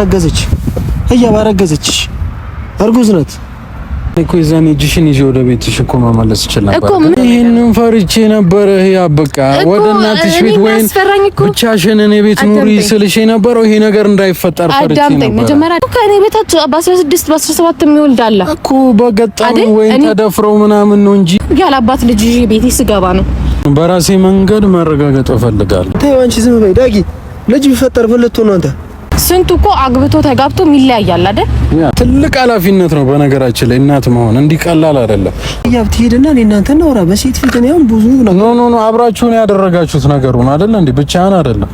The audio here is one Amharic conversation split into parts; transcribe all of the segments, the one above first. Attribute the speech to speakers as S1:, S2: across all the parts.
S1: አረገዘች። ህያብ አረገዘችሽ፣ እርጉዝ ናት። እኮ የዛኔ እጅሽን ይዤ ወደ ቤትሽ እኮ መመለስ ይችል ነበር። ይሄንን ፈርቼ ነበር። ህያብ በቃ ወደ እናትሽ ቤት ወይም ብቻሽን እኔ ቤት ኑሪ ስልሽ የነበረው ይሄ ነገር እንዳይፈጠር ፈርቼ ነበር። መጀመሪያ
S2: እኮ እኔ ቤታች በ16 በ17 የሚወልድ አለ
S1: እኮ በገጠሙ ወይ ተደፍረው ምናምን ነው እንጂ
S2: ያለ አባት ልጅ ይዤ ቤቴ ስገባ ነው።
S1: በራሴ መንገድ መረጋገጥ እፈልጋለሁ። ተይው አንቺ ዝም በይ ዳጊ። ልጅ ቢፈጠር ምን ልትሆን ነው አንተ?
S2: ስንቱ እኮ አግብቶ ተጋብቶ ይለያያል አይደል?
S1: ትልቅ ኃላፊነት ነው በነገራችን ላይ እናት መሆን እንዲህ ቀላል አይደለም።
S2: ያብ ትሄድና እናንተ ነው በሴት ፊት ነው ብዙ ነው
S1: ኖ ኖ አብራችሁን ያደረጋችሁት ነገሩን አይደል እንዴ? ብቻህን አይደለም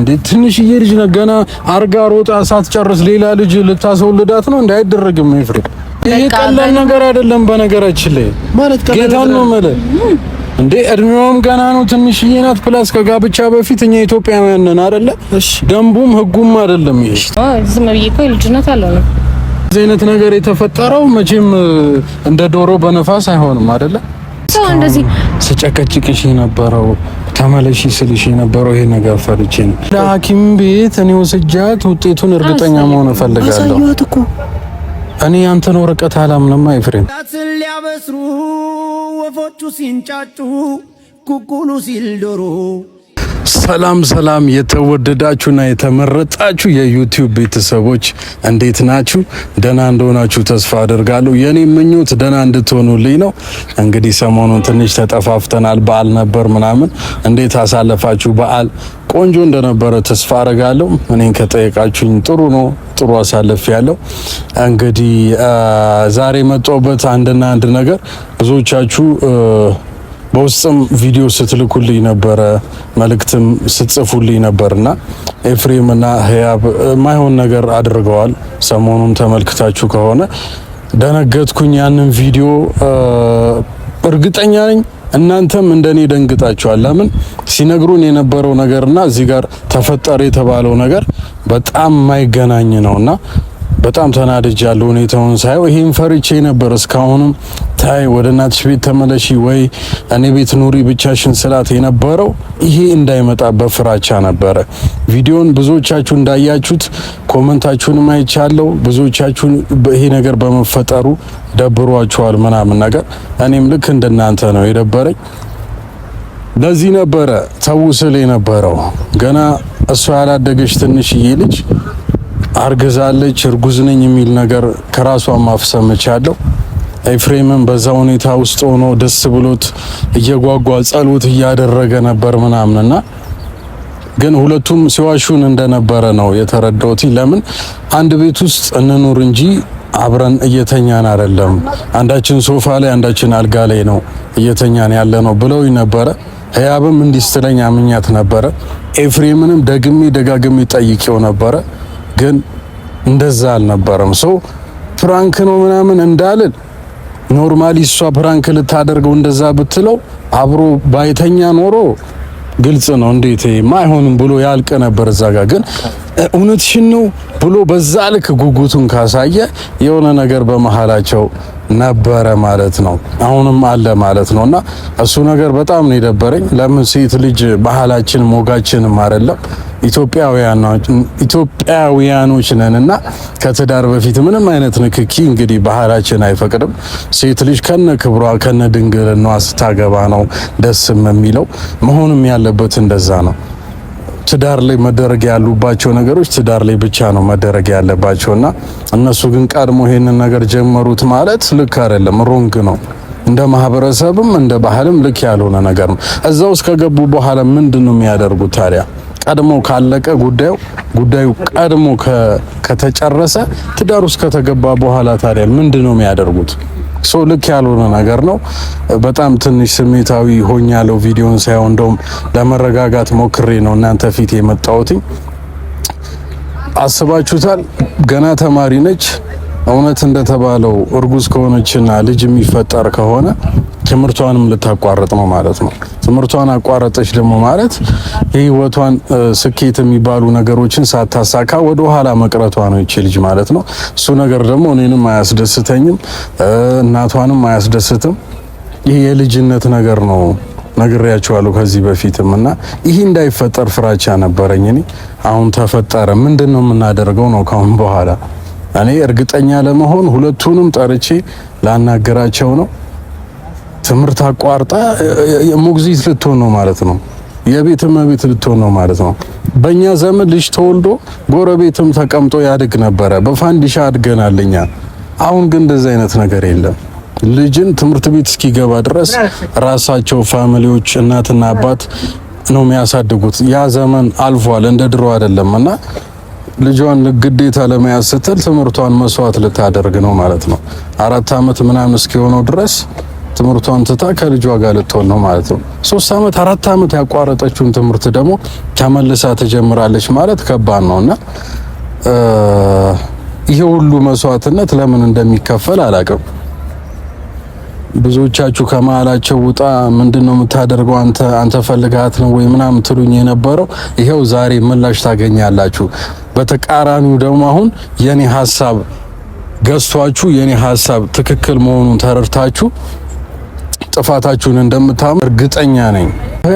S1: እንዴ? ትንሽዬ ልጅ ነው ገና አርጋ ሮጣ ሳትጨርስ ሌላ ልጅ ልታስወልዳት ነው እንዴ? አይደረግም ኤፍሬም፣ ይሄ ቀላል ነገር አይደለም በነገራችን ላይ ማለት ነው ማለት እንዴ እድሜዋም ገና ነው፣ ትንሽዬ ናት። ፕላስ ከጋብቻ በፊት እኛ ኢትዮጵያውያን ነን አይደለ? እሺ፣ ደንቡም ህጉም አይደለም ይሄ።
S2: ዝም ብዬ እኮ ልጅነት አለው ነው
S1: እዚህ አይነት ነገር የተፈጠረው። መቼም እንደ ዶሮ በነፋስ አይሆንም አይደለ? ሰው እንደዚህ ስጨቀጭቅሽ የነበረው ተመለሽ ስልሽ የነበረው ይሄ ነገር ፈርቼ ነው። ለሐኪም ቤት እኔ ወስጃት ውጤቱን እርግጠኛ መሆን
S2: እፈልጋለሁ።
S1: እኔ ያንተን ወረቀት አላምንም ኤፍሬም ወፎቹ ሲንጫጩ ኩኩሉ ሲል ዶሮ ሰላም ሰላም የተወደዳችሁና የተመረጣችሁ የዩቲዩብ ቤተሰቦች እንዴት ናችሁ? ደህና እንደሆናችሁ ተስፋ አደርጋለሁ። የኔ ምኞት ደህና እንድትሆኑልኝ ነው። እንግዲህ ሰሞኑን ትንሽ ተጠፋፍተናል። በዓል ነበር ምናምን። እንዴት አሳለፋችሁ በዓል? ቆንጆ እንደነበረ ተስፋ አደርጋለሁ። እኔን ከጠየቃችሁኝ ጥሩ ነው፣ ጥሩ አሳለፍ ያለው። እንግዲህ ዛሬ መጣሁበት አንድና አንድ ነገር ብዙዎቻችሁ በውስጥም ቪዲዮ ስትልኩልኝ ነበረ፣ መልእክትም ስትጽፉልኝ ነበርና እና ህያብ ማይሆን ነገር አድርገዋል። ሰሞኑን ተመልክታችሁ ከሆነ ደነገጥኩኝ። ያንን ቪዲዮ እርግጠኛ ነኝ እናንተም እንደኔ ደንግጣችኋል። ለምን ሲነግሩን የነበረው ነገርና እዚህ ጋር ተፈጠረ የተባለው ነገር በጣም ማይገናኝ ነውና በጣም ተናድጅ ያለው ሁኔታውን ሳየው ይሄን ፈርቼ ነበር። እስካሁንም ታይ ወደ እናትሽ ቤት ተመለሺ ወይ እኔ ቤት ኑሪ ብቻሽን ስላት የነበረው ይሄ እንዳይመጣ በፍራቻ ነበረ። ቪዲዮን ብዙዎቻችሁ እንዳያችሁት ኮመንታችሁንም ማይቻለው ብዙዎቻችሁ ይሄ ነገር በመፈጠሩ ደብሯችኋል ምናምን ነገር። እኔም ልክ እንደናንተ ነው የደበረኝ። ለዚህ ነበረ ተው ስል የነበረው ገና እሷ ያላደገች ትንሽዬ ልጅ አርግዛለች፣ እርጉዝ ነኝ የሚል ነገር ከራሷ ማፍሰምች ያለው ኤፍሬምን በዛ ሁኔታ ውስጥ ሆኖ ደስ ብሎት እየጓጓ ጸሎት እያደረገ ነበር ምናምንና ግን ሁለቱም ሲዋሹን እንደነበረ ነው የተረዳሁት። ለምን አንድ ቤት ውስጥ እንኑር እንጂ አብረን እየተኛን አይደለም፣ አንዳችን ሶፋ ላይ አንዳችን አልጋ ላይ ነው እየተኛን ያለ ነው ብለው ነበረ። ህያብም እንዲህ ስትለኝ አምኛት ነበረ። ኤፍሬምንም ደግሜ ደጋግሜ ጠይቄው ነበረ። ግን እንደዛ አልነበረም። ሶ ፍራንክ ነው ምናምን እንዳልን ኖርማሊ እሷ ፕራንክ ልታደርገው እንደዛ ብትለው አብሮ ባይተኛ ኖሮ ግልጽ ነው እንዴት ማይሆንም ብሎ ያልቅ ነበር። እዛ ጋር ግን እውነትሽን ነው ብሎ በዛ ልክ ጉጉቱን ካሳየ የሆነ ነገር በመሃላቸው ነበረ ማለት ነው። አሁንም አለ ማለት ነው። እና እሱ ነገር በጣም ነው የደበረኝ። ለምን ሴት ልጅ ባህላችን ሞጋችንም አይደለም ኢትዮጵያውያኖች ነን እና ከትዳር በፊት ምንም አይነት ንክኪ እንግዲህ ባህላችን አይፈቅድም። ሴት ልጅ ከነ ክብሯ ከነ ድንግልናዋ ስታገባ ነው ደስም የሚለው መሆንም ያለበት እንደዛ ነው። ትዳር ላይ መደረግ ያሉባቸው ነገሮች ትዳር ላይ ብቻ ነው መደረግ ያለባቸውና እነሱ ግን ቀድሞ ይሄንን ነገር ጀመሩት ማለት ልክ አይደለም፣ ሮንግ ነው። እንደ ማህበረሰብም እንደ ባህልም ልክ ያልሆነ ነገር ነው። እዛ ውስጥ ከገቡ በኋላ ምንድን ነው የሚያደርጉት ታዲያ? ቀድሞ ካለቀ ጉዳዩ ጉዳዩ ቀድሞ ከተጨረሰ ትዳር ውስጥ ከተገባ በኋላ ታዲያ ምንድን ነው የሚያደርጉት? ሶ ልክ ያልሆነ ነገር ነው። በጣም ትንሽ ስሜታዊ ሆኛለሁ ቪዲዮን ሳይሆን እንደውም ለመረጋጋት ሞክሬ ነው እናንተ ፊት የመጣሁት። አስባችሁታል? ገና ተማሪ ነች። እውነት እንደተባለው እርጉዝ ከሆነችና ልጅ የሚፈጠር ከሆነ ትምህርቷንም ልታቋረጥ ነው ማለት ነው። ትምህርቷን አቋረጠች ደግሞ ማለት የህይወቷን ስኬት የሚባሉ ነገሮችን ሳታሳካ ወደ ኋላ መቅረቷ ነው ይቺ ልጅ ማለት ነው። እሱ ነገር ደግሞ እኔንም አያስደስተኝም፣ እናቷንም አያስደስትም። ይህ የልጅነት ነገር ነው ነግሬያቸዋለሁ ከዚህ በፊትም እና ይህ እንዳይፈጠር ፍራቻ ነበረኝ እኔ። አሁን ተፈጠረ። ምንድን ነው የምናደርገው ነው ካሁን በኋላ እኔ እርግጠኛ ለመሆን ሁለቱንም ጠርቼ ላናገራቸው ነው። ትምህርት አቋርጣ ሞግዚት ልትሆን ነው ማለት ነው። የቤት እመቤት ልትሆን ነው ማለት ነው። በእኛ ዘመን ልጅ ተወልዶ ጎረቤትም ተቀምጦ ያድግ ነበረ። በፋንዲሻ አድገናል እኛ። አሁን ግን እንደዚህ አይነት ነገር የለም። ልጅን ትምህርት ቤት እስኪገባ ድረስ ራሳቸው ፋሚሊዎች እናትና አባት ነው የሚያሳድጉት። ያ ዘመን አልፏል፣ እንደ ድሮ አይደለም እና ልጇን ግዴታ ለመያዝ ስትል ትምህርቷን መስዋዕት ልታደርግ ነው ማለት ነው። አራት ዓመት ምናምን እስኪሆነው ድረስ ትምህርቷን ትታ ከልጇ ጋር ልትሆን ነው ማለት ነው። ሶስት ዓመት አራት ዓመት ያቋረጠችውን ትምህርት ደግሞ ተመልሳ ትጀምራለች ማለት ከባድ ነው እና ይሄ ሁሉ መስዋዕትነት ለምን እንደሚከፈል አላቅም። ብዙዎቻችሁ ከመሀላቸው ውጣ፣ ምንድነው የምታደርገው አንተ አንተ ፈልጋት ነው ወይ ምናምን ትሉኝ የነበረው ይሄው ዛሬ ምላሽ ታገኛላችሁ። በተቃራኒው ደግሞ አሁን የኔ ሀሳብ ገዝቷችሁ የኔ ሀሳብ ትክክል መሆኑን ተረድታችሁ ጥፋታችሁን እንደምታም እርግጠኛ ነኝ።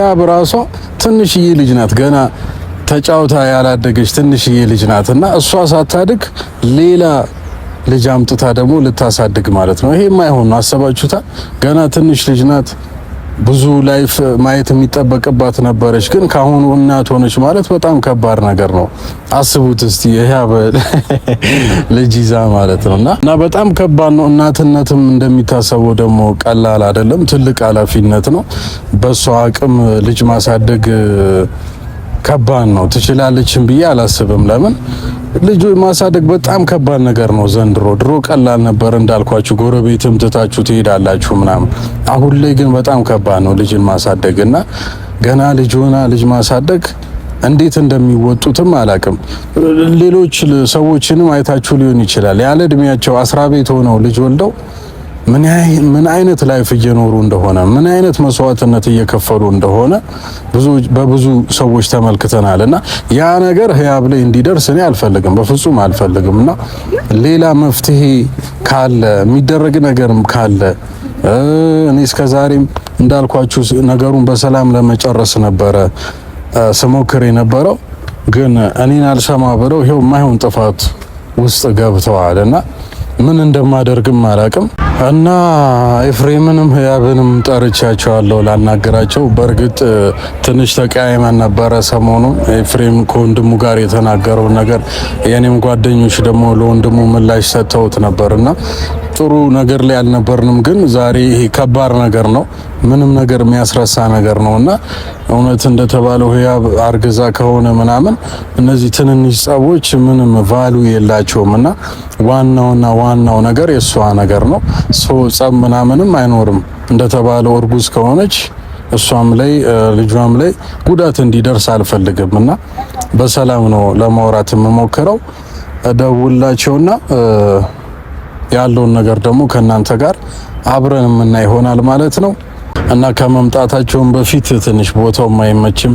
S1: ያ ራሷ ትንሽዬ ልጅ ናት፣ ገና ተጫውታ ያላደገች ትንሽዬ ልጅ ናት እና እሷ ሳታድግ ሌላ ልጅ አምጥታ ደግሞ ልታሳድግ ማለት ነው። ይሄ የማይሆን አሰባችሁታ። ገና ትንሽ ልጅ ናት። ብዙ ላይፍ ማየት የሚጠበቅባት ነበረች። ግን ከአሁኑ እናት ሆነች ማለት በጣም ከባድ ነገር ነው። አስቡት እስቲ ይሄ ልጅ ይዛ ማለት ነው እና እና በጣም ከባድ ነው። እናትነትም እንደሚታሰበው ደግሞ ቀላል አይደለም። ትልቅ ኃላፊነት ነው። በሷ አቅም ልጅ ማሳደግ ከባድ ነው። ትችላለችም ብዬ አላስብም። ለምን ልጅ ማሳደግ በጣም ከባድ ነገር ነው ዘንድሮ። ድሮ ቀላል ነበር እንዳልኳችሁ፣ ጎረቤትም ትታችሁ ትሄዳላችሁ ምናምን። አሁን ላይ ግን በጣም ከባድ ነው ልጅን ማሳደግ እና ገና ልጅ ሆና ልጅ ማሳደግ እንዴት እንደሚወጡትም አላቅም። ሌሎች ሰዎችንም አይታችሁ ሊሆን ይችላል ያለ እድሜያቸው አስራ ቤት ሆነው ልጅ ወልደው ምን አይነት ላይፍ እየኖሩ እንደሆነ ምን አይነት መስዋዕትነት እየከፈሉ እንደሆነ ብዙ በብዙ ሰዎች ተመልክተናል። እና ያ ነገር ህያብ ላይ እንዲደርስ እኔ አልፈልግም፣ በፍጹም አልፈልግም። እና ሌላ መፍትሄ ካለ የሚደረግ ነገርም ካለ እኔ እስከዛሬም እንዳልኳችሁ ነገሩን በሰላም ለመጨረስ ነበረ ስሞክር የነበረው ግን እኔን አልሰማ ብለው ይሄው የማይሆን ጥፋት ውስጥ ገብተዋል እና ምን እንደማደርግም አላቅም እና ኤፍሬምንም ህያብንም ጠርቻቸዋለሁ ላናገራቸው። በእርግጥ ትንሽ ተቀያይመን ነበረ ሰሞኑ ኤፍሬም ከወንድሙ ጋር የተናገረውን ነገር፣ የኔም ጓደኞች ደግሞ ለወንድሙ ምላሽ ሰጥተውት ነበርና ጥሩ ነገር ላይ አልነበርንም። ግን ዛሬ ይሄ ከባድ ነገር ነው። ምንም ነገር የሚያስረሳ ነገር ነው እና እውነት እንደተባለው ህያብ አርግዛ ከሆነ ምናምን እነዚህ ትንንሽ ጸቦች ምንም ቫሉ የላቸውም እና ዋናውና ዋናው ነገር የእሷ ነገር ነው። ሶ ጸብ ምናምንም አይኖርም። እንደተባለው እርጉዝ ከሆነች እሷም ላይ ልጇም ላይ ጉዳት እንዲደርስ አልፈልግም እና በሰላም ነው ለማውራት የምሞክረው። እደውላቸውና ያለውን ነገር ደግሞ ከእናንተ ጋር አብረን የምናይ ይሆናል ማለት ነው። እና ከመምጣታቸውም በፊት ትንሽ ቦታው ማይመችም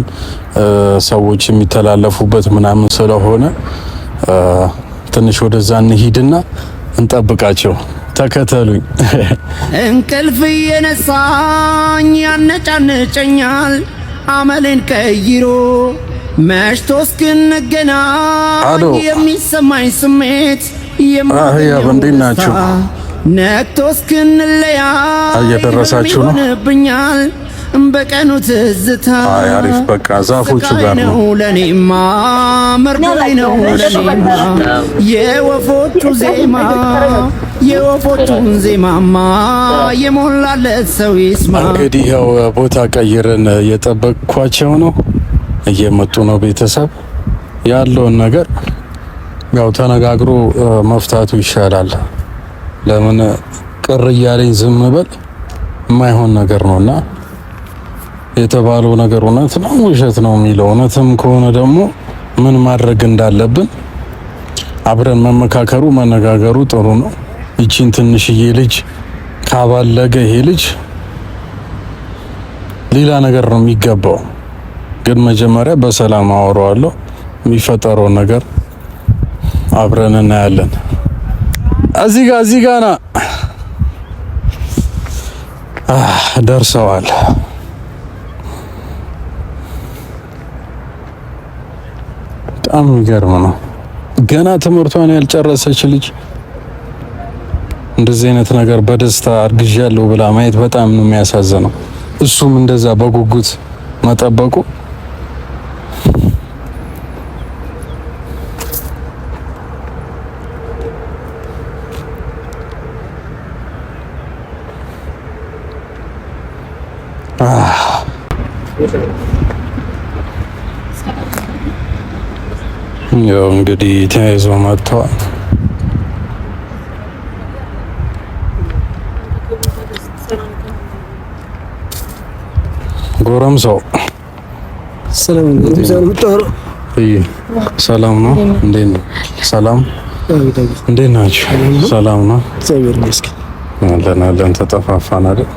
S1: ሰዎች የሚተላለፉበት ምናምን ስለሆነ ትንሽ ወደዛ እንሂድና እንጠብቃቸው። ተከተሉኝ።
S2: እንቅልፍ የነሳኝ ያነጫነጨኛል፣ አመሌን ቀይሮ መሽቶ እስክንገናኝ የሚሰማኝ ስሜት
S1: የማያ እንዴት ናቸው?
S2: ነቶ እስክንለያ
S1: እየደረሳችሁ
S2: ነው በቀኑ ትዝታ
S1: አሪፍ በቃ ዛፎቹ ጋር ነው
S2: ለኔማ መርዶይ ነው ለኔማ የወፎቹ ዜማ የወፎቹን ዜማማ የሞላለት ሰው ይስማ።
S1: እንግዲህ ያው ቦታ ቀይረን እየጠበቅኳቸው ነው፣ እየመጡ ነው። ቤተሰብ ያለውን ነገር ያው ተነጋግሮ መፍታቱ ይሻላል። ለምን ቅር እያለኝ ዝም ብል የማይሆን ነገር ነውና የተባለው ነገር እውነት ነው ውሸት ነው የሚለው እውነትም ከሆነ ደግሞ ምን ማድረግ እንዳለብን አብረን መመካከሩ መነጋገሩ ጥሩ ነው። ይቺን ትንሽዬ ልጅ ካባለገ ይሄ ልጅ ሌላ ነገር ነው የሚገባው። ግን መጀመሪያ በሰላም አወራዋለሁ። የሚፈጠረውን ነገር አብረን እናያለን። እዚህ ጋር እዚህ ጋር ና ደርሰዋል። በጣም የሚገርም ነው። ገና ትምህርቷን ያልጨረሰች ልጅ እንደዚህ አይነት ነገር በደስታ አርግዣለሁ ብላ ማየት በጣም ነው የሚያሳዝነው። እሱም እንደዛ በጉጉት መጠበቁ ያው እንግዲህ ተያይዞ መጥተዋል። ሰው ሰላም ነው? እንዴት ነው? ሰላም እንዴት ናችሁ? ሰላም ነው? አለን አለን። ተጠፋፋን አይደል?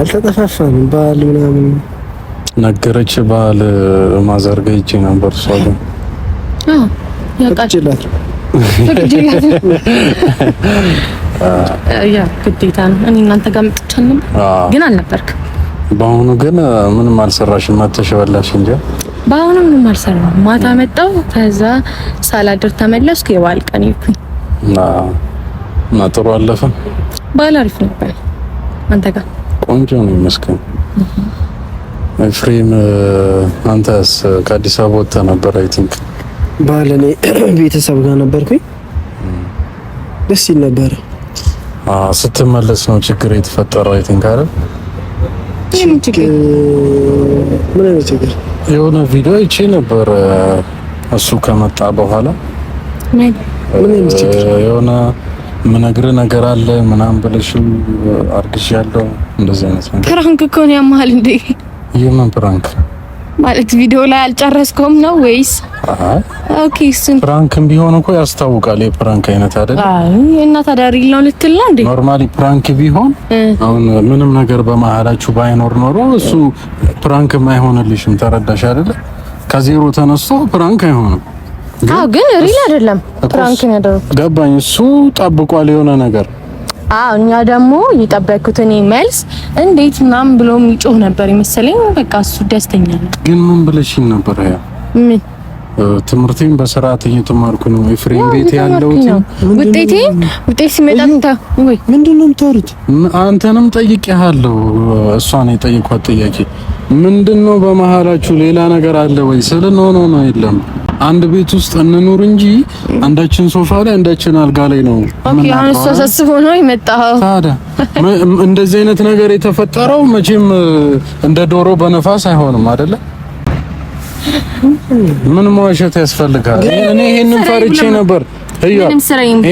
S2: አልተጠፋፋንም። በዓል ምናምን
S1: ነገረች። በዓል ነበር እሷ ግን
S2: ግዴታ እኔ ግን አልነበርክ።
S1: በአሁኑ ግን ምንም አልሰራሽም፣ መጥተሽ በላሽ እንጂ
S2: በአሁኑ ምንም አልሰራም። ማታ ከዛ ሳላድር ተመለስኩ። የበዓል ቀን ይኩኝ
S1: እና ጥሩ አለፈ።
S2: በዓል አሪፍ ነበር። አንተ ጋር
S1: ቆንጆ ነው ይመስገን። ኤፍሬም አንተስ ከአዲስ አበባ ወጥተህ ነበር አይ ቲንክ
S2: ባል እኔ ቤተሰብ ጋር ነበርኩኝ። ደስ ይል ነበረ።
S1: ስትመለስ ነው ችግር የተፈጠረው። አይ ቲንክ አይደል? ምን አይነት ችግር? የሆነ ቪዲዮ አይቼ ነበር እሱ ከመጣ በኋላ
S2: ምን ችግር?
S1: የሆነ ምነግር ነገር አለ ምናምን ብለሽ አርግሽ ያለው እንደዚህ አይነት ነገር
S2: ፕራንክ እኮ ነው ያማል እንዴ?
S1: የምን ፕራንክ
S2: ማለት ቪዲዮ ላይ አልጨረስከውም ነው ወይስ? ኦኬ እሱን
S1: ፕራንክም ቢሆን እኮ ያስታውቃል። የፕራንክ አይነት አይደል?
S2: አይ እና ታዳሪ ነው ልትል ነው እንዴ?
S1: ኖርማሊ ፕራንክ ቢሆን አሁን ምንም ነገር በመሀላችሁ ባይኖር ኖሮ እሱ ፕራንክ አይሆንልሽም። ተረዳሽ አይደል? ከዜሮ ተነስቶ ፕራንክ አይሆንም።
S2: አዎ ግን ሪል አይደለም ፕራንክ ነው ያደረኩት።
S1: ገባኝ። እሱ ጠብቋል የሆነ ነገር
S2: አዎ እኛ ደግሞ የጠበኩት እኔ መልስ እንዴት ምናምን ብሎ የሚጮህ ነበር ይመስለኝ። በቃ እሱ ደስተኛ ነው።
S1: ግን ምን ብለሽኝ ነበር? ያ ምን ትምህርቴን በስርዓት እየተማርኩ ነው። ኤፍሬም ቤት ያለሁት
S2: ውጤቴ ውጤት ሲመጣ
S1: ወይ ምንድን ነው የምታወሩት? አንተንም ጠይቄሃለሁ። እሷን የጠየኳት ጥያቄ ምንድን ነው በመሀላችሁ ሌላ ነገር አለ ወይ ስል ኖ ኖ ነው የለም አንድ ቤት ውስጥ እንኑር እንጂ አንዳችን ሶፋ ላይ አንዳችን አልጋ ላይ ነው።
S2: ኦኬ፣ አሁን እሱ ተሰስቦ ነው የመጣው።
S1: ታዲያ እንደዚህ አይነት ነገር የተፈጠረው መቼም እንደ ዶሮ በነፋስ አይሆንም አይደለ? ምን መዋሸት ያስፈልጋል? እኔ ይሄንን ፈርቼ ነበር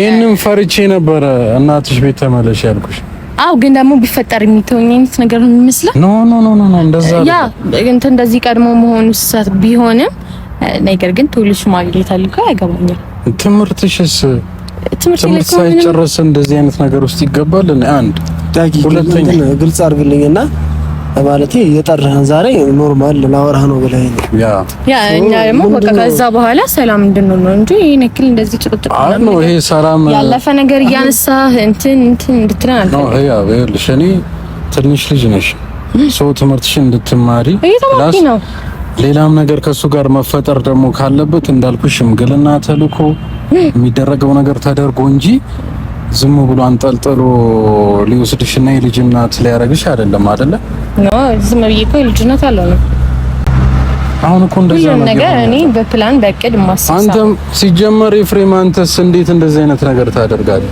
S1: ይሄንን ፈርቼ ነበረ እናትሽ ቤት ተመለሽ ያልኩሽ።
S2: አው ግን ደግሞ ቢፈጠር የሚተወኝ አይነት ነገር ነው የሚመስለው።
S1: ኖ ኖ ኖ ኖ እንደዛ
S2: ያ እንትን እንደዚህ ቀድሞ መሆኑ ቢሆንም ነገር ግን ትውልድ ሽማግሌ ታልኮ አያገባኝም።
S1: ትምህርትሽስ ትምህርት ሳይጨረስ እንደዚህ አይነት ነገር ውስጥ ይገባል? አንድ
S2: ሁለተኛ ግልጽ አድርግልኝና ማለት የጠራህን ዛሬ ኖርማል ላወራህ ነው ብለህ ያ ያ እኛ ደግሞ በቃ ከዛ በኋላ ሰላም እንድንሆን ነው እንጂ ይሄን እክል እንደዚህ ጭቅጭቅ
S1: ነው። ይሄ ሰላም
S2: ያለፈ ነገር እያነሳህ እንትን እንትን እንድትለን
S1: ነው። ያ ይኸውልሽ እኔ ትንሽ ልጅ ነሽ፣ ሰው ትምህርትሽን እንድትማሪ ነው ሌላም ነገር ከሱ ጋር መፈጠር ደግሞ ካለበት እንዳልኩ ሽምግልና ተልኮ የሚደረገው ነገር ተደርጎ እንጂ ዝም ብሎ አንጠልጥሎ ሊወስድሽና የልጅ እናት ሊያረግሽ አይደለም። አይደለ
S2: ዝም ብዬ እኮ የልጅ እናት አለው ነው። አሁን እኮ እንደዛ ነው ነገር እኔ በፕላን በቅድ ማስተሳሰብ
S1: አንተም ሲጀመር ኤፍሬም፣ አንተስ እንዴት እንደዚህ አይነት ነገር ታደርጋለህ?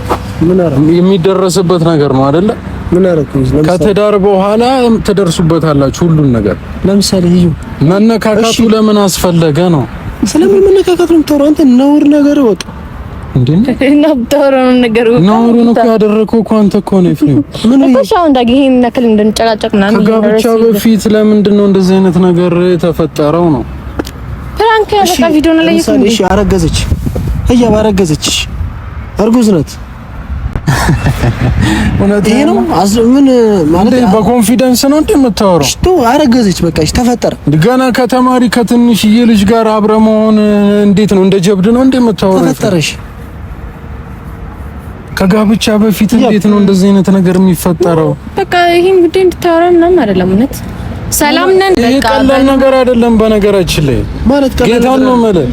S1: ምን አረም የሚደረስበት ነገር ነው አይደለ? ከትዳር በኋላ ትደርሱበታላችሁ ሁሉን ነገር። ለምሳሌ መነካካቱ ለምን አስፈለገ ነው?
S2: ስለምን መነካካት ነው የምታወራው አንተ? ነውር ነገር ወጥ
S1: ነውሩን እኮ ያደረገው እኮ አንተ እኮ ነው። ከጋብቻ በፊት ለምንድን ነው እንደዚህ አይነት ነገር የተፈጠረው ነው? ፕራንክ አረገዘች እያ ባረገዘች እርጉዝ ናት ይሄ
S2: ነው ምን
S1: ማለት በኮንፊደንስ ነው እንዴ የምታወራው?
S2: እሺ አረገዘች በቃ እሺ ተፈጠረ።
S1: ገና ከተማሪ ከትንሽዬ ልጅ ጋር አብረ መሆን እንዴት ነው እንደ ጀብድ ነው እንዴ የምታወራው? ተፈጠረሽ ከጋብቻ በፊት እንዴት ነው እንደዚህ አይነት ነገር የሚፈጠረው?
S2: በቃ ይሄን ጉዳይ እንድታወራ ምናምን አይደለም እውነት ሰላም ነን።
S1: በቃ ቀላል ነገር አይደለም። በነገራችን ላይ ማለት ቀላል ነው ማለት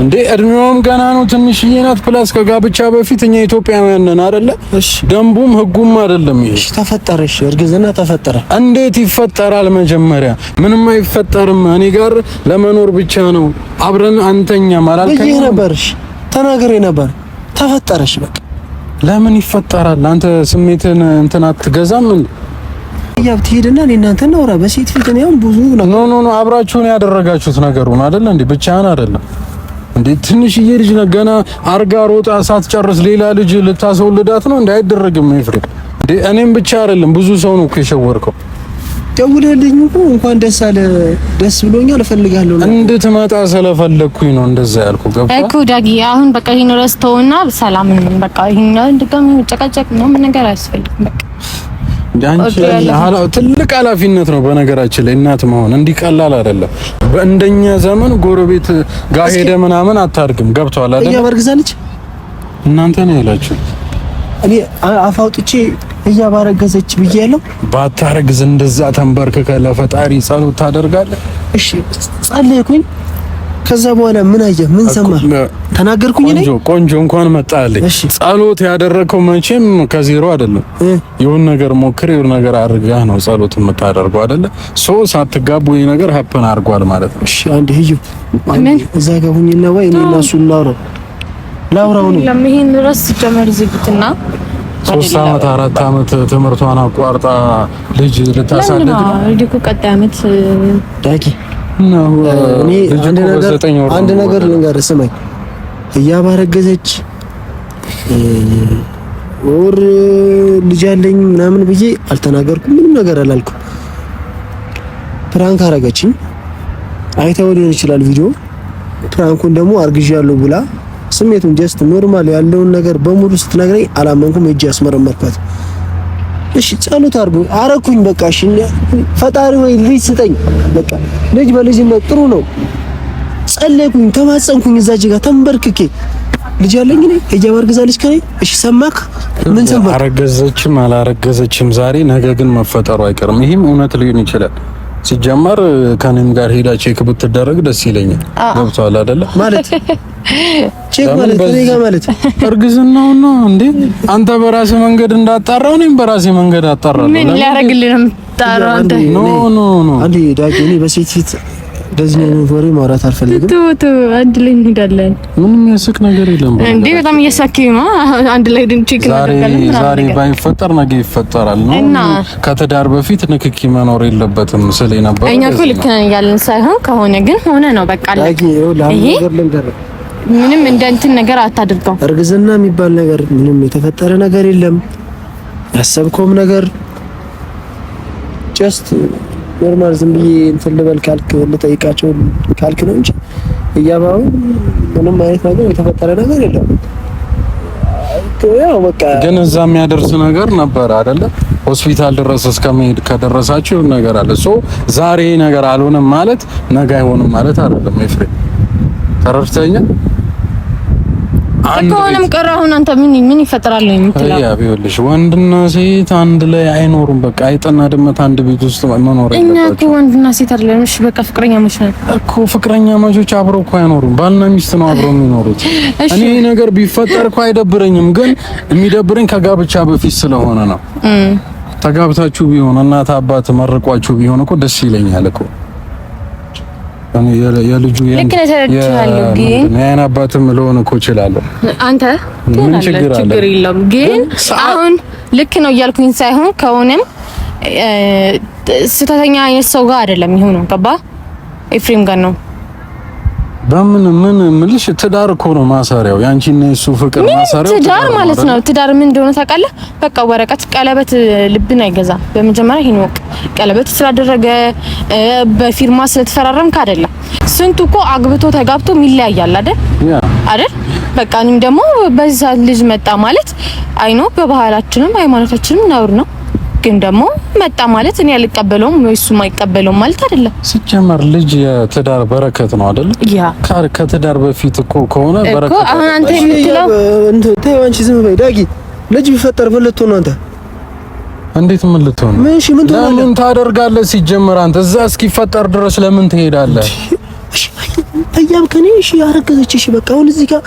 S1: እንዴ እድሜዋም ገና ነው፣ ትንሽዬ ናት። ፕላስ ከጋብቻ በፊት እኛ ኢትዮጵያውያን ነን አይደለ? እሺ፣ ደንቡም ህጉም አይደለም እሺ፣
S2: ተፈጠረ። እሺ፣ እርግዝና ተፈጠረ።
S1: እንዴት ይፈጠራል? መጀመሪያ ምንም አይፈጠርም። እኔ ጋር ለመኖር ብቻ ነው። አብረን አንተኛ ማላልከኝ
S2: ይሄ ነበር። እሺ፣ ተናግሬ ነበር። ተፈጠረሽ። በቃ
S1: ለምን ይፈጠራል? አንተ ስሜትን እንትን አትገዛም እንዴ?
S2: ያብ ትሄድና እናንተ እናውራ። በሴት ፊት ነው ብዙ ነው።
S1: ኖ ኖ ኖ፣ አብራችሁን ያደረጋችሁት ነገር ነው አይደል እንዴ? ብቻህን አይደለም እንዴ ትንሽዬ ልጅ ነው ገና አርጋ ሮጣ ሳትጨርስ ሌላ ልጅ ልታስወልዳት ነው። እንዴ? አይደረግም ይፍሪ እንዴ እኔም ብቻ አይደለም ብዙ ሰው ነው እኮ የሸወርከው።
S2: ደውለልኝ እኮ እንኳን ደስ አለ ደስ ብሎኛል እፈልጋለሁ ነው
S1: እንድትመጣ ስለፈለግኩኝ ነው እንደዛ ያልኩ። ገባ
S2: እኮ ዳጊ። አሁን በቃ ይሄን ረስተውና ሰላም በቃ ይሄን ድጋሚ መጨቃጨቅ ነው ምን ነገር አያስፈልግም በቃ
S1: ትልቅ ኃላፊነት ነው። በነገራችን ላይ እናት መሆን እንዲህ ቀላል አይደለም። በእንደኛ ዘመን ጎረቤት ጋር ሄደ ምናምን አታርግም። ገብቷል
S2: አይደል? እያበረገዛለች
S1: እናንተ ነው ያላችሁ።
S2: እኔ አፋውጥቼ እያባረገዘች ብዬ ያለው
S1: ባታረግዝ እንደዛ ተንበርክከ ለፈጣሪ ጸሎት ታደርጋለህ።
S2: እሺ ጸለይኩኝ ከዛ በኋላ ምን አየ ምን ሰማ ተናገርኩኝ ነኝ። ቆንጆ
S1: ቆንጆ እንኳን መጣልኝ። ጸሎት ያደረከው መቼም ከዜሮ አይደለም። ይሁን ነገር ሞክር፣ ይሁን ነገር አድርጋህ ነው ጸሎት የምታደርገው አይደለ? ሶ ሳትጋቡ ይሄ ነገር ሀፕን አድርጓል ማለት
S2: ነው። እሺ፣ አንድ ይዩ እዛ ጋር ሁኝና ወይ እኔ እና እሱ እናውራ ላውራው ነው። ለምን ራስ ጀመር ዝግትና
S1: ሶስት አመት አራት አመት ትምህርቷን አቋርጣ ልጅ ልታሳደግ
S2: ነው። ልጅ እኮ ቀጣይ አመት
S1: ዳጊ እኔ አንድ ነገር ልንገርህ፣ ስማኝ።
S2: እያባረገዘች ወር ልጅ አለኝ ምናምን ብዬ አልተናገርኩም። ምንም ነገር አላልኩም። ፕራንክ አረገችኝ። አይተው ሊሆን ይችላል ቪዲዮ። ፕራንኩን ደግሞ አርግዣለሁ ብላ ስሜቱን ጀስት ኖርማል ያለውን ነገር በሙሉ ስትነግረኝ አላመንኩም። እጅ ያስመረመርኳት እሺ ጸሎት አድርጉ። አረኩኝ በቃ እሺ። ፈጣሪ ወይ ልጅ ስጠኝ በቃ ልጅ በልጅነት ጥሩ ነው። ጸለይኩኝ፣ ተማጸንኩኝ፣ እዛ ጅጋ ተንበርክኬ ልጅ አለኝ ነኝ ሄጃ በርግዛለች ከኔ። እሺ ሰማክ?
S1: ምን ሰማክ? አረገዘችም አላረገዘችም ዛሬ ነገ ግን መፈጠሩ አይቀርም። ይህም እውነት ሊሆን ይችላል። ሲጀመር ከኔም ጋር ሄዳ ቼክ ብትደረግ ደስ ይለኛል። ገብቶሃል አይደለ
S2: ማለት ቼክ ማለት እኔ ጋር ማለት
S1: እርግዝናው ነው እንዴ? አንተ በራሴ መንገድ እንዳጣራው እኔም በራሴ መንገድ አጣራው።
S2: ምን ሊያደርግልህ ነው የምትጣራው አንተ?
S1: ኖ ኖ ኖ
S2: አንዴ ዳቂ፣ እኔ በሴት ፊት እንደዚህ ነው ወሬ ማውራት አልፈልግም። ቱ አንድ ላይ እንሄዳለን።
S1: ምንም የሚያስቅ ነገር የለም
S2: እንዴ? በጣም እያሳከኝ ነው። አንድ ላይ ድን ቼክ
S1: እናደርጋለን። ዛሬ ባይፈጠር ነገ ይፈጠራል ነው እና ከትዳር በፊት ንክኪ መኖር የለበትም ስል ነበር።
S2: እኛ እኮ ልክ ነን እያልን ሳይሆን ከሆነ ግን ሆነ ነው በቃ። ይሄ ምንም እንደ እንትን ነገር አታድርገው።
S1: እርግዝና የሚባል ነገር ምንም የተፈጠረ ነገር የለም። ያሰብከውም ነገር
S2: ጀስት ኖርማል ዝም ብዬ እንትን ልበል ካልክ ልጠይቃቸው ካልክ ነው እንጂ እያባው ምንም አይነት ነገር የተፈጠረ ነገር የለም።
S1: ግን እዛ የሚያደርስ ነገር ነበር አይደለ? ሆስፒታል ድረስ እስከመሄድ ከደረሳችሁ ነገር አለ። ሶ ዛሬ ነገር አልሆነም ማለት ነገ አይሆንም ማለት አይደለም። ኤፍሬም ተረድተኸኛል?
S2: ከሆነም ቀረ አሁን አንተ ምን ምን ይፈጥራል ነው
S1: የምትለው? ያ ቢወልሽ ወንድና ሴት አንድ ላይ አይኖሩም። በቃ አይጥና ድመት አንድ ቤት ውስጥ መኖር
S2: እና እኮ ወንድና ሴት አይደለም። እሺ በቃ ፍቅረኛ ማች ነን
S1: እኮ ፍቅረኛ ማቾች አብረው እኮ አይኖሩም። ባልና ሚስት ነው አብረው የሚኖሩት። እኔ ይሄ ነገር ቢፈጠር እኮ አይደብረኝም፣ ግን የሚደብረኝ ከጋብቻ በፊት ስለሆነ ነው። ተጋብታችሁ ቢሆን እናት አባት መርቋችሁ ቢሆን እኮ ደስ ይለኛል እኮ የልጁ
S2: ልክ ነህ ተረድቻለሁ። ግን
S1: የአይን አባትም ልሆን እኮ እችላለሁ።
S2: አንተ ምን ችግር አለ? ችግር የለም። ግን አሁን ልክ ነው እያልኩኝ ሳይሆን ከሆነም ስህተተኛ አይነት ሰው ጋር አይደለም ይሁን ነው ገባ ኤፍሬም ጋር ነው
S1: በምን ምን ምልሽ ትዳር እኮ ነው ማሰሪያው። ያንቺ እና እሱ ፍቅር ማሰሪያው
S2: ትዳር ማለት ነው። ትዳር ምን እንደሆነ ታውቃለህ? በቃ ወረቀት፣ ቀለበት ልብን አይገዛም። በመጀመሪያ ይሄን ወቅ ቀለበት ስላደረገ በፊርማ ስለተፈራረምክ አይደለም። ስንቱ እኮ አግብቶ ተጋብቶ ይለያያል አይደል? አይደል? በቃ እኔም ደግሞ በዛ ልጅ መጣ ማለት አይኖ በባህላችንም ሃይማኖታችንም ነውር ነው፣ ግን ደግሞ መጣ ማለት እኔ አልቀበለውም ወይ እሱ አይቀበለውም ማለት አይደለም።
S1: ሲጀመር ልጅ የትዳር በረከት ነው አይደል? ያ ከትዳር በፊት እኮ ከሆነ
S2: በረከት እኮ አሁን አንተ
S1: የምትለው ተይው፣ አንቺ ዝም በይ ዳጊ። ልጅ ቢፈጠር ምን ልትሆን አንተ? እንዴት ምን ልትሆን ምን? እሺ ምን ትሆናለህ? ለምን ታደርጋለህ? ሲጀመር አንተ እዛ እስኪፈጠር ድረስ ለምን ትሄዳለህ? እሺ
S2: ታያም ከኔ እሺ፣ አረገዘች። እሺ በቃ አሁን እዚህ ጋር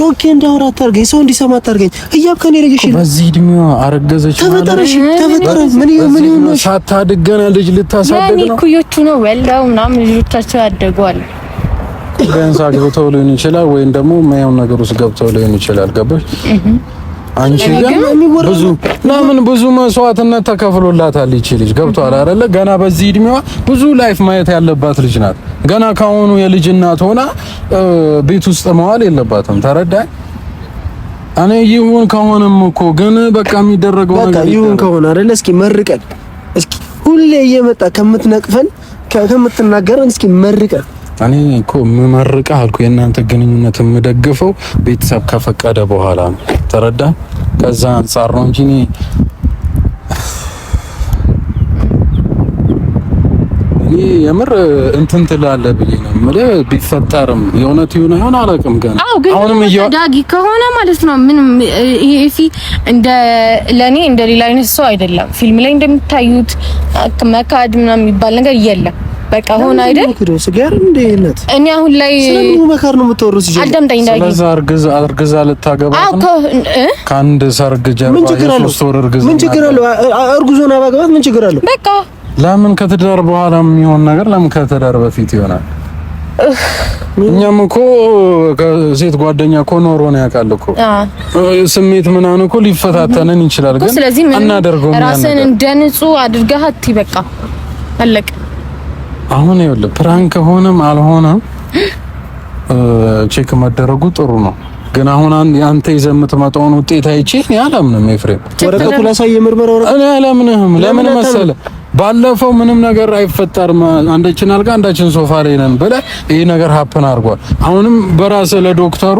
S2: ጮኬ እንዳወራ አታርገኝ፣ ሰው እንዲሰማ አታርገኝ። ህያብ ከኔ ረገሽ
S1: በዚህ እድሜዋ አረገዘች
S2: ተፈጠረሽ ተፈጠረ ምን ምን
S1: ይሁን ነው ሳታድገና ልጅ ልታሳደግ
S2: ነው። ኩዮቹ ነው ወልደው ምናምን ልጆቻቸው ያደጓል።
S1: ቢያንስ አግብተው ሊሆን ይችላል ወይም ደግሞ ማየው ነገር ውስጥ ገብተው ሊሆን ይችላል። ገባሽ አንቺ ብዙ ምናምን ብዙ መስዋዕትነት ተከፍሎላታል። ይቺ ልጅ ገብቷል አይደለ? ገና በዚህ እድሜዋ ብዙ ላይፍ ማየት ያለባት ልጅ ናት። ገና ካሁኑ የልጅ እናት ሆና ቤት ውስጥ መዋል የለባትም። ተረዳኝ። እኔ ይሁን ከሆነም እኮ ግን በቃ የሚደረገው
S2: ነገር በቃ ይሁን ከሆነ አይደለ? እስኪ መርቀን፣ እስኪ ሁሌ እየመጣ ከምትነቅፈን ከምትናገረን፣ እስኪ መርቀን።
S1: እኔ እኮ የምመርቀህ አልኩ የእናንተ ግንኙነት የምደግፈው ቤተሰብ ከፈቀደ በኋላ ነው። ተረዳኝ። ከዛ አንጻር ነው እንጂ የምር እንትን ትላለ ብዬ ነው የምልህ። ቢፈጠርም የእውነት ይሁን አይሆን አላውቅም ገና።
S2: አሁንም ዳጊ ከሆነ ማለት ነው ምንም ይሄ ፊ እንደ ለኔ እንደ ሌላ አይነት ሰው አይደለም። ፊልም ላይ እንደምታዩት መካድ ምናምን የሚባል ነገር የለም። በቃ ሆነ አይደል? እኔ አሁን ላይ
S1: መካር ነው የምትወሩት። አዳምጠኝ ዳጊ። ስለዛ እርግዝ እርግዛ ልታገባ ከአንድ ሰርግ ጀርባ
S2: የሶስት ወር እርግዝ ምን ችግር አለው? እርጉዞን አባገባት ምን ችግር አለው? በቃ
S1: ለምን ከትዳር በኋላ የሚሆን ነገር ለምን ከትዳር በፊት ይሆናል? እኛም እኮ ከሴት ጓደኛ እኮ ኖሮ ነው ያውቃል እኮ ስሜት ምናምን እኮ ሊፈታተንን ይችላል፣ ግን አናደርገው።
S2: ራስን እንደ ንጹህ አድርገህ በቃ አለቅ።
S1: አሁን ይኸውልህ ፕራንክ ሆነም አልሆነም ቼክ መደረጉ ጥሩ ነው። ግን አሁን አንተ ይዘህ የምትመጣውን ውጤት አይቼ እኔ አላምንም። ኤፍሬም
S2: ወረቀቱ ላሳይ፣ የምርመራ ወረቀት
S1: እኔ አላምንህም። ለምን መሰለህ ባለፈው ምንም ነገር አይፈጠርም፣ አንዳችን አልጋ አንዳችን ሶፋ ላይ ነን ብለህ ይሄ ነገር ሀፕን አድርጓል። አሁንም በራስህ ለዶክተሩ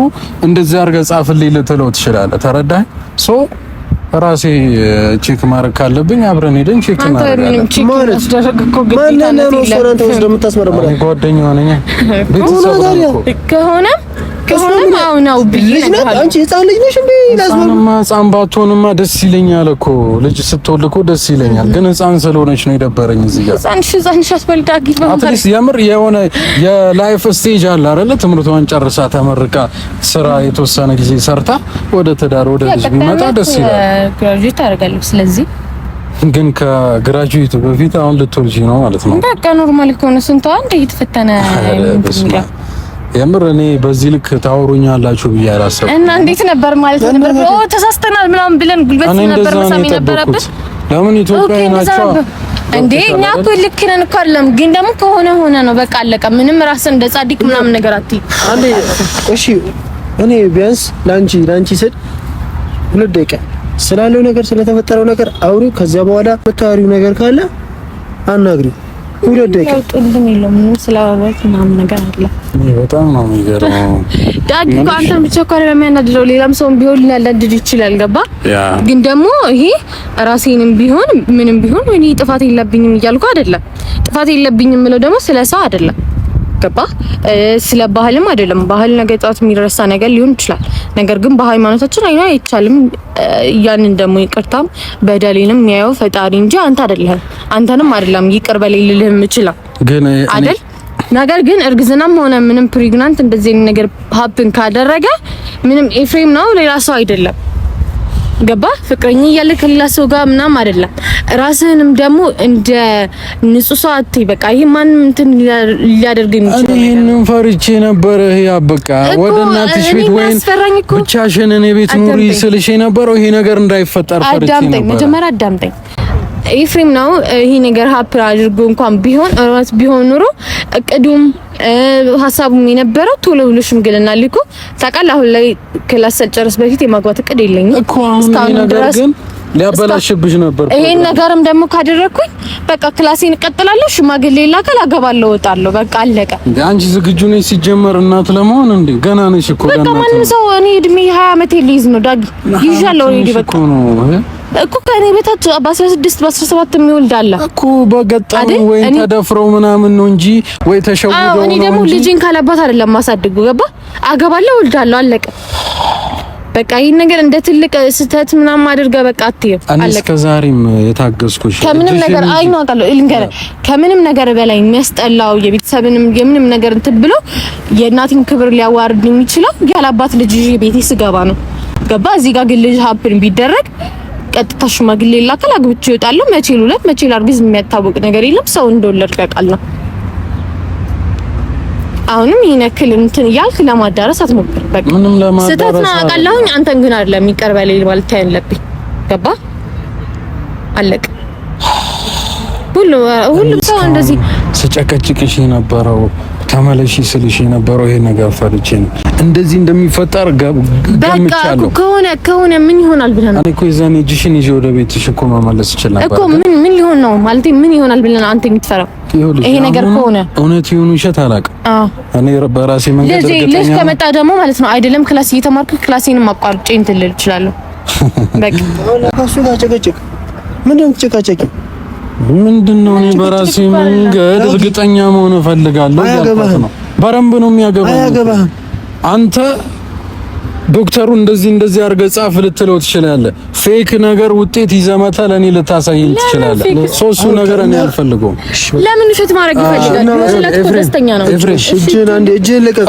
S1: እንደዚህ አድርገህ ጻፍልኝ ልትለው ትችላለህ። ተረዳህ? ሶ ራሴ ቼክ ማድረግ ካለብኝ አብረን ሄደን ቼክ እናደርጋለን። ማለት ነው
S2: ነው ሶራንተ ወስደህ የምታስመረምረው?
S1: ጓደኛዬ ነኝ።
S2: ቤተሰብ ከሆነ ከሆነም ነው
S1: ህፃን ባትሆንማ ደስ ይለኛል እኮ ልጅ ስትወልድ እኮ ደስ ይለኛል። ግን ህፃን ስለሆነች ነው የደበረኝ። እዚህ
S2: ጋር
S1: የምር የሆነ የላይፍ ስቴጅ አለ አይደለ? ትምህርቷን ጨርሳ ተመርቃ ስራ የተወሰነ ጊዜ ሰርታ ወደ ትዳር ወደ ልጅ
S2: ቢመጣ ደስ ይላል። ስለዚህ
S1: ግን ከግራጁዌቱ በፊት አሁን ልትወልጂ ነው ማለት ነው።
S2: በቃ ኖርማል ከሆነ ስንቷ አንድ እየተፈተነ
S1: የምር እኔ በዚህ ልክ ታወሩኛላችሁ ብዬ አላሰብኩም።
S2: እና እንዴት ነበር ማለት ነበር ኦ ተሳስተናል ምናምን ብለን ጉልበት ነበር መሳሚ
S1: የነበረብን። ለምን ኢትዮጵያ ናቸው
S2: እንዴ? እኛ እኮ ልክ ነን እኮ አይደለም። ግን ደግሞ ከሆነ ሆነ ነው በቃ አለቀ። ምንም ራስን እንደ ጻድቅ ምናምን ነገር አትይ።
S1: አንዴ እሺ፣ እኔ ቢያንስ ላንቺ ላንቺ ስል ሁለት ደቂቃ ስላለው ነገር ስለተፈጠረው ነገር አውሪው። ከዚያ በኋላ የምታወሪው ነገር ካለ አናግሪው። ሁለት
S2: ጥልም ነገር አለ። ነው ዳግ ብቻ ሰው ቢሆን ሊያናድድ ይችላል። ገባ? ግን ይሄ ራሴንም ቢሆን ምንም ቢሆን እኔ ጥፋት የለብኝም እያልኩ አይደለም። ጥፋት የለብኝም የምለው ደግሞ ስለ ሰው አይደለም ገባ ስለ ባህልም አይደለም። ባህል ነገ ጧት የሚረሳ ነገር ሊሆን ይችላል። ነገር ግን በሃይማኖታችን አይና አይቻልም። ያንን ደግሞ ይቅርታም በደሌንም የሚያየው ፈጣሪ እንጂ አንተ አይደለህም። አንተንም አይደለም ይቅር በሌልልህም ይችላል ግን አይደል ነገር ግን እርግዝናም ሆነ ምንም ፕሪግናንት እንደዚህ ነገር ሀፕን ካደረገ ምንም ኤፍሬም ነው ሌላ ሰው አይደለም። ገባ ፍቅረኛ እያለ ከሌላ ሰው ጋር ምናም አይደለም። ራስህንም ደግሞ እንደ ንጹህ ሰው አትይ። በቃ ይሄ ማንም እንትን ሊያደርግ የሚችል
S1: እኔ ይሄንን ፈርቼ ነበረ። ያ በቃ ወደ እናትሽ ቤት ወይም ብቻሽን እኔ ቤት ኑሪ ስልሽ የነበረው ይሄ ነገር እንዳይፈጠር ፈርቼ ነበር። አዳምጠኝ፣
S2: መጀመሪያ አዳምጠኝ። ኤፍሬም ነው ይሄ ነገር ሀፕር አድርጎ እንኳን ቢሆን እውነት ቢሆን ኑሮ እቅዱም ሀሳቡም የነበረው ቶሎ ብሎ ሽምግልና ሊኮ ታውቃለህ። አሁን ላይ ክላስ ሳልጨርስ በፊት የማግባት እቅድ የለኝም
S1: እኮ አሁን ነገር ግን ሊያበላሽብሽ ነበር።
S2: ይሄን ነገርም ደግሞ ካደረኩኝ በቃ ክላሴን እቀጥላለሁ፣ ሽማግሌ ይላካል፣ አገባለሁ፣ እወጣለሁ። በቃ አለቀ።
S1: አንቺ ዝግጁ ነሽ? ሲጀመር እናት ለመሆን እንዴ ገና ነሽ እኮ።
S2: በቃ ማንም ሰው እኔ እድሜ 20 አመት ሊይዝ ነው ዳግ ይዣለሁ። ኦልሬዲ በቃ እኮ ከእኔ በታች በ16 በ17 የሚወልድ አለ
S1: እኮ በገጠሩ ወይ ተደፍሮ ምናምን ነው እንጂ ወይ ተሸውዶ
S2: ነው። እኔ ደግሞ ልጅን ካላባት አይደለም ማሳድጉ ገባ አገባለሁ እወልዳለሁ አለቀ። በቃ ይሄን ነገር እንደ ትልቅ ስህተት ምናምን አድርገህ በቃ አትየው
S1: አለቀ። እስከ ዛሬም የታገስኩሽ
S2: ከምንም ነገር አይ ነው አውቃለሁ። ልንገርህ ከምንም ነገር በላይ የሚያስጠላው የቤተሰብንም የምንም ነገር እንትን ብሎ የእናትን ክብር ሊያዋርድ የሚችለው ያላባት ልጅ ቤቴ ስገባ ነው ገባ እዚህ ጋር ግን ልጅ ሀፕን ቢደረግ ቀጥታ ሽማግሌ ይላካል። አግብቼ እወጣለሁ። መቼ ልውለድ፣ መቼ ላርግዝ የሚያታወቅ ነገር የለም። ሰው እንደወለድክ ያውቃል ነው። አሁንም ይሄን ያክል እንትን እያልክ ለማዳረስ አትሞክር። በቃ ምንም ለማዳረስ ስህተት ነው አውቃለሁኝ። አንተን ግን አይደለም የሚቀርበ ሌል ማለት ያለብኝ ገባ አለቅ ሁሉ ሁሉም ሰው እንደዚህ
S1: ስጨቀጭቅሽ የነበረው ተመለሽ ስልሽ የነበረው ይሄ ነገር ፈርቼ ነው እንደዚህ እንደሚፈጠር
S2: በቃ ከሆነ ከሆነ ምን ይሆናል ብለህ ነው?
S1: እኔ እኮ የዛኔ እጅሽን ይዤ ወደ ቤትሽ እኮ መመለስ ይችላል
S2: እኮ። ምን ምን ሊሆን ነው ማለት ምን ይሆናል ብለህ አንተ የምትፈራው? ይሄ ነገር ከሆነ
S1: እውነት ይሁን ውሸት አላውቅም። እኔ በራሴ መንገድ
S2: ልጅ ከመጣ ደግሞ ማለት ነው አይደለም ክላስ እየተማርኩ ክላሴን አቋርጬ እንትን ልል እችላለሁ። በቃ
S1: ከእሱ ጋር ጨቀጨቅ ምንድን ጨቃጨቂ ምንድን ነው? እኔ በራሴ መንገድ እርግጠኛ መሆን እፈልጋለሁ። በደንብ ነው
S2: የሚያገባህ
S1: አንተ ዶክተሩ እንደዚህ እንደዚህ አድርገህ ጻፍ ልትለው ትችላለህ። ፌክ ነገር ውጤት ይዘህ መተህ ለእኔ ልታሳየኝ ትችላለህ። ሶሱ ነገር እኔ አልፈልገውም።
S2: ለምን ውሸት ማድረግ ይፈልጋል?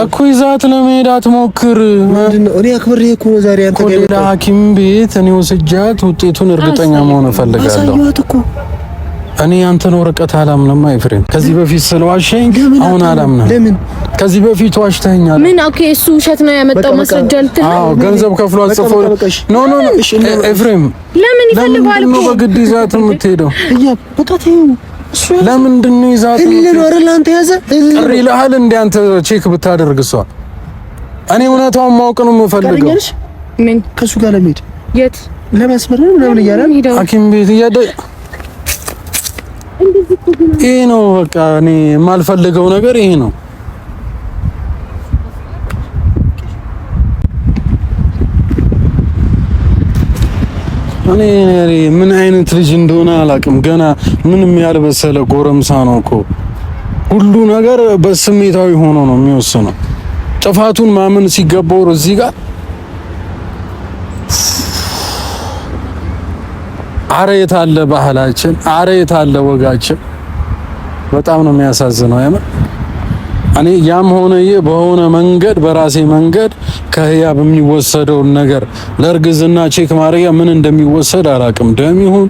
S1: እኮ ይዛት ለመሄድ አትሞክር። ሐኪም ቤት እኔ ወስጃት ውጤቱን እርግጠኛ መሆን እፈልጋለሁ። እኔ አንተን ወረቀት አላምንም። አይ ፍሬም፣ ከዚህ በፊት ስለዋሸኝ አሁን አላምንም። ለምን ከዚህ በፊት ዋሽተኸኛል?
S2: ምን? ኦኬ፣ እሱ ውሸት ነው ያመጣው ማስረጃ ልትል?
S1: አዎ፣ ገንዘብ ከፍሎ አጽፎ። ኖ ኖ ኖ፣ ኤፍሬም፣
S2: ለምን ይፈልጋል
S1: እኮ በግድ ይዛት የምትሄደው ለምንድን ነው? ይዛት ቅር ይልሃል እንደ አንተ ቼክ ብታደርግ እሷ። እኔ እውነታውን ማወቅ ነው የምፈልገው። ምን ከሱ ጋር ለመሄድ የት ለመስመር ነው ለምን እያለ ሐኪም ቤት እያደ ይሄ ነው በቃ እኔ የማልፈልገው ነገር ይሄ ነው። እኔ ምን አይነት ልጅ እንደሆነ አላውቅም። ገና ምንም ያልበሰለ ጎረምሳ ነው እኮ። ሁሉ ነገር በስሜታዊ ሆኖ ነው የሚወስነው። ጥፋቱን ማመን ሲገባው እዚህ ጋር አረ የታለ ባህላችን? አረ የታለ ወጋችን? በጣም ነው የሚያሳዝነው። የምር እኔ ያም ሆነ ይህ በሆነ መንገድ በራሴ መንገድ ከህያ የሚወሰደውን ነገር ለእርግዝና ቼክ ማድረጊያ ምን እንደሚወሰድ አላቅም። ደም ይሁን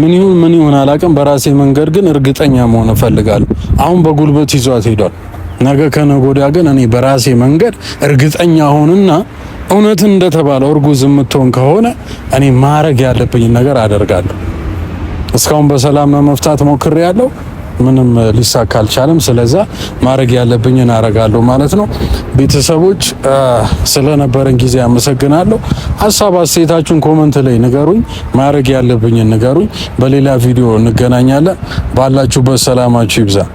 S1: ምን ይሁን ምን ይሁን አላቅም። በራሴ መንገድ ግን እርግጠኛ መሆን እፈልጋለሁ። አሁን በጉልበት ይዟት ሄዷል። ነገ ከነገ ወዲያ ግን እኔ በራሴ መንገድ እርግጠኛ ሆንና እውነት እንደተባለው እርጉዝ የምትሆን ከሆነ እኔ ማድረግ ያለብኝን ነገር አደርጋለሁ። እስካሁን በሰላም ለመፍታት ሞክሬ ያለው ምንም ሊሳካ አልቻለም። ስለዛ ማድረግ ያለብኝን አደርጋለሁ ማለት ነው። ቤተሰቦች ስለነበረን ጊዜ አመሰግናለሁ። ሀሳብ አስተያየታችሁን ኮመንት ላይ ንገሩኝ፣ ማድረግ ያለብኝን ንገሩኝ። በሌላ ቪዲዮ እንገናኛለን። ባላችሁበት ሰላማችሁ ይብዛ።